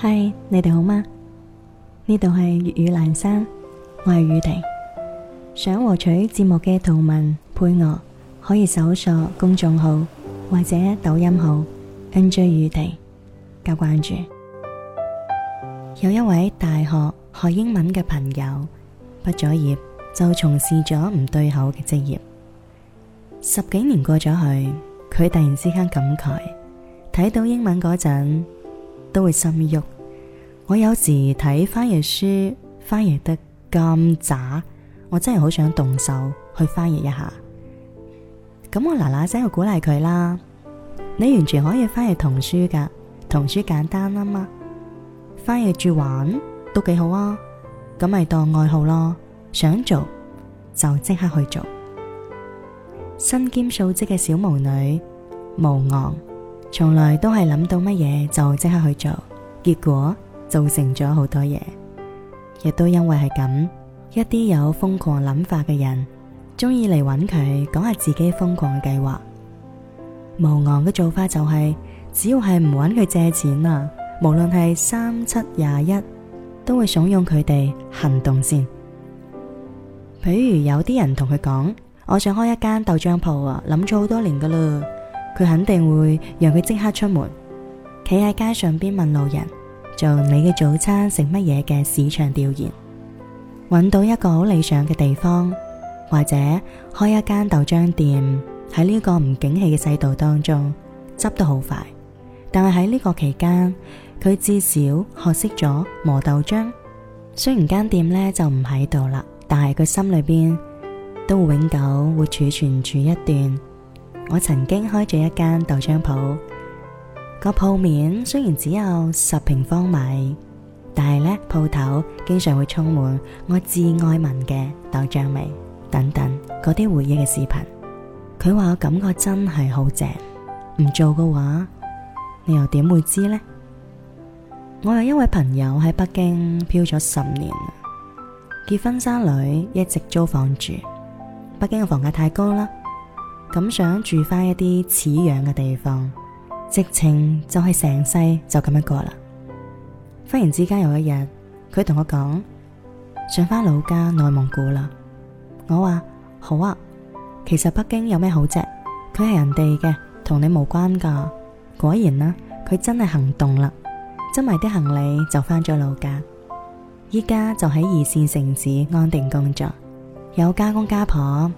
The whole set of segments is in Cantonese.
嗨，Hi, 你哋好嗎？呢度係粵語蘭山，我係宇婷。想獲取節目嘅圖文配樂，可以搜索公眾號或者抖音號 NJ 宇婷加關注。有一位大學學英文嘅朋友，畢咗業就從事咗唔對口嘅職業。十幾年過咗去，佢突然之間感慨，睇到英文嗰陣，都會心喐。我有時睇翻譯書，翻譯得咁渣，我真係好想動手去翻譯一下。咁我嗱嗱聲，去鼓勵佢啦。你完全可以翻譯童書噶，童書簡單啊嘛。翻譯住玩都幾好啊，咁咪當愛好咯。想做就即刻去做。身兼數職嘅小巫女，巫昂。從來都係諗到乜嘢就即刻去做，結果造成咗好多嘢，亦都因為係咁，一啲有瘋狂諗法嘅人，鍾意嚟揾佢講下自己瘋狂嘅計劃。巫昂嘅做法就係、是，只要係唔揾佢借錢啊，無論係三七廿一，都會慫恿佢哋行動先。譬如有啲人同佢講，我想開一間豆漿鋪啊，諗咗好多年噶啦。佢肯定會讓佢即刻出門，企喺街上邊問路人做你嘅早餐食乜嘢嘅市場調研，搵到一個好理想嘅地方，或者開一間豆漿店。喺呢個唔景氣嘅世道當中，執得好快。但係喺呢個期間，佢至少學識咗磨豆漿。雖然間店咧就唔喺度啦，但係佢心裏邊都會永久會儲存住一段。我曾經開咗一間豆漿鋪，個鋪面雖然只有十平方米，但係咧鋪頭經常會充滿我至愛聞嘅豆漿味等等嗰啲回憶嘅視頻。佢話我感覺真係好正，唔做嘅話，你又點會知呢？我有一位朋友喺北京漂咗十年，結婚生女，一直租房住，北京嘅房價太高啦。咁想住翻一啲似樣嘅地方，直情就係成世就咁樣過啦。忽然之間有一日，佢同我講，想翻老家內蒙古啦。我話好啊，其實北京有咩好啫？佢係人哋嘅，同你無關噶。果然啦、啊，佢真係行動啦，執埋啲行李就翻咗老家。依家就喺二線城市安定工作，有家公家婆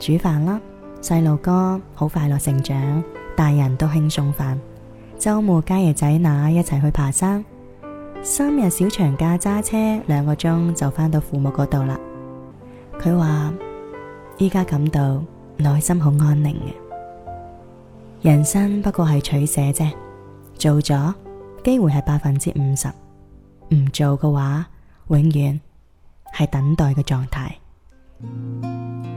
煮飯啦。細路哥好快樂成長，大人都輕鬆翻。周末家爺仔乸一齊去爬山，三日小長假揸車兩個鐘就翻到父母嗰度啦。佢話依家感到內心好安寧嘅，人生不過係取捨啫。做咗機會係百分之五十，唔做嘅話永遠係等待嘅狀態。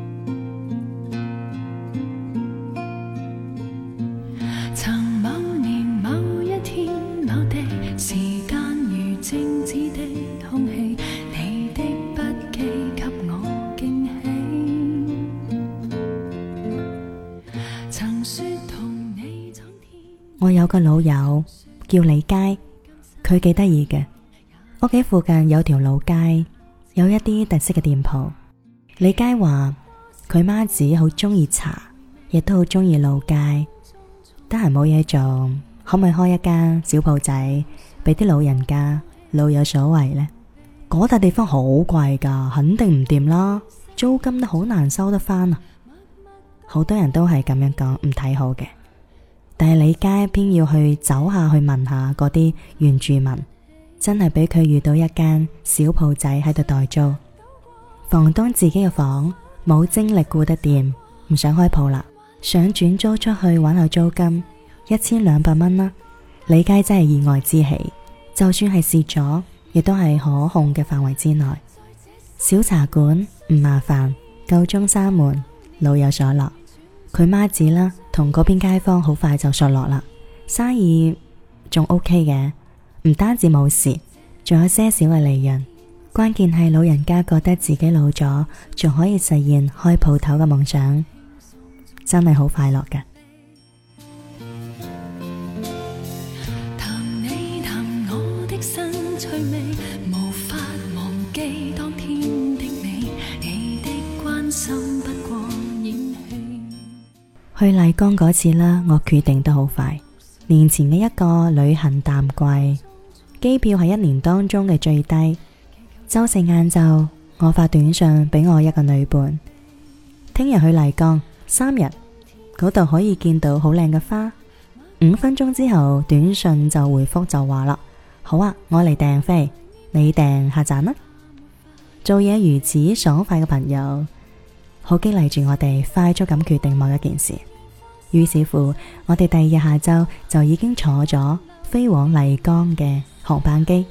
你你空我有個老友叫李佳，佢幾得意嘅。屋企附近有條老街，有一啲特色嘅店鋪。李佳話佢媽子好中意茶，亦都好中意老街。得閒冇嘢做，可唔可以開一間小鋪仔，俾啲老人家？老有所為呢，嗰笪地方好貴噶，肯定唔掂啦，租金都好難收得翻啊！好多人都係咁樣講，唔睇好嘅。但係李佳偏要去走下去問下嗰啲原住民，真係俾佢遇到一間小鋪仔喺度代租，房東自己嘅房冇精力顧得掂，唔想開鋪啦，想轉租出去搵下租金，一千兩百蚊啦。李佳真係意外之喜。就算係蝕咗，亦都係可控嘅範圍之內。小茶館唔麻煩，夠鐘閂門老有所樂。佢媽子啦，同嗰邊街坊好快就熟絡啦，生意仲 OK 嘅。唔單止冇事，仲有些少嘅利潤。關鍵係老人家覺得自己老咗，仲可以實現開鋪頭嘅夢想，真係好快樂噶。去麗江嗰次啦，我決定得好快。年前嘅一個旅行淡季，機票係一年當中嘅最低。週四晏晝，我發短信俾我一個女伴，聽日去麗江三日，嗰度可以見到好靚嘅花。五分鐘之後，短信就回復就話啦，好啊，我嚟訂飛，你訂客棧啦。做嘢如此爽快嘅朋友。好激勵住我哋，快速咁決定某一件事。於是乎，我哋第二日下晝就已經坐咗飛往麗江嘅航班機。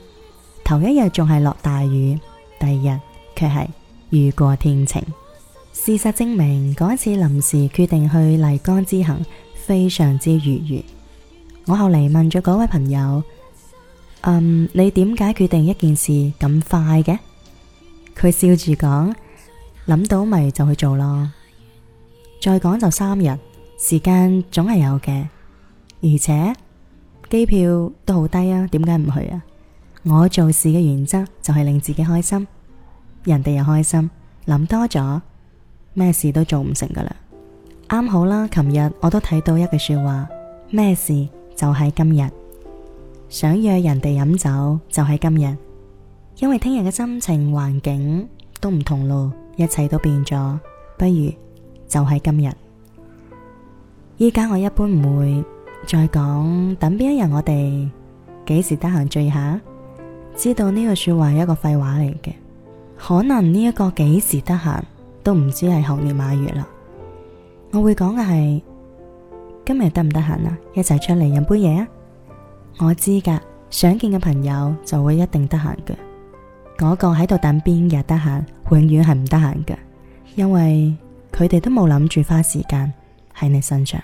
頭一日仲係落大雨，第二日卻係雨過天晴。事實證明，嗰一次臨時決定去麗江之行非常之愉悅。我後嚟問咗嗰位朋友，嗯、um，你點解決定一件事咁快嘅？佢笑住講。諗到咪就去做咯，再講就三日，時間總係有嘅。而且機票都好低啊，點解唔去啊？我做事嘅原則就係令自己開心，人哋又開心。諗多咗，咩事都做唔成噶啦。啱好啦，琴日我都睇到一句說話，咩事就喺今日，想約人哋飲酒就喺今日，因為聽日嘅心情環境都唔同咯。一切都變咗，不如就喺今日。依家我一般唔會再講等邊一日，我哋幾時得閒聚下。知道呢個說話係一個廢話嚟嘅，可能呢一個幾時得閒都唔知係猴年馬月啦。我會講嘅係今日得唔得閒啊？一齊出嚟飲杯嘢啊！我知噶，想見嘅朋友就會一定得閒嘅。我個喺度等邊日得閒，永遠係唔得閒噶，因為佢哋都冇諗住花時間喺你身上。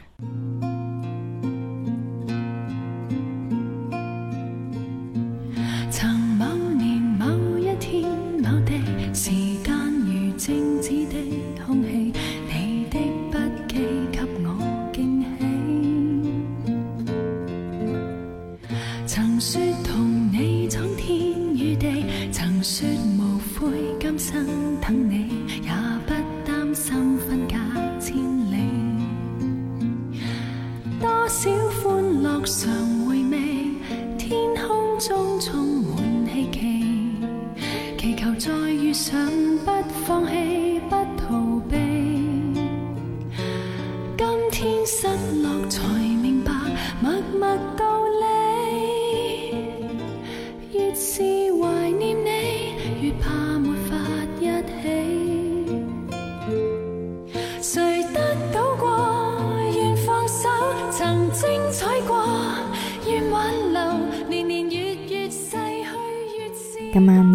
小歡樂常回味，天空中充滿希冀，祈求再遇上，不放棄。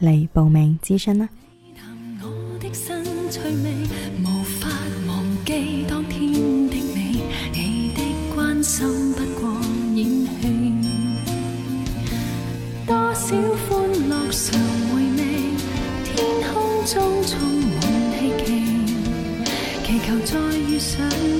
嚟報名諮詢啦！我的新趣味，無法忘記當天的你，你的關心不過演戲，多少歡樂常回味。天空中充滿希冀，祈求再遇上。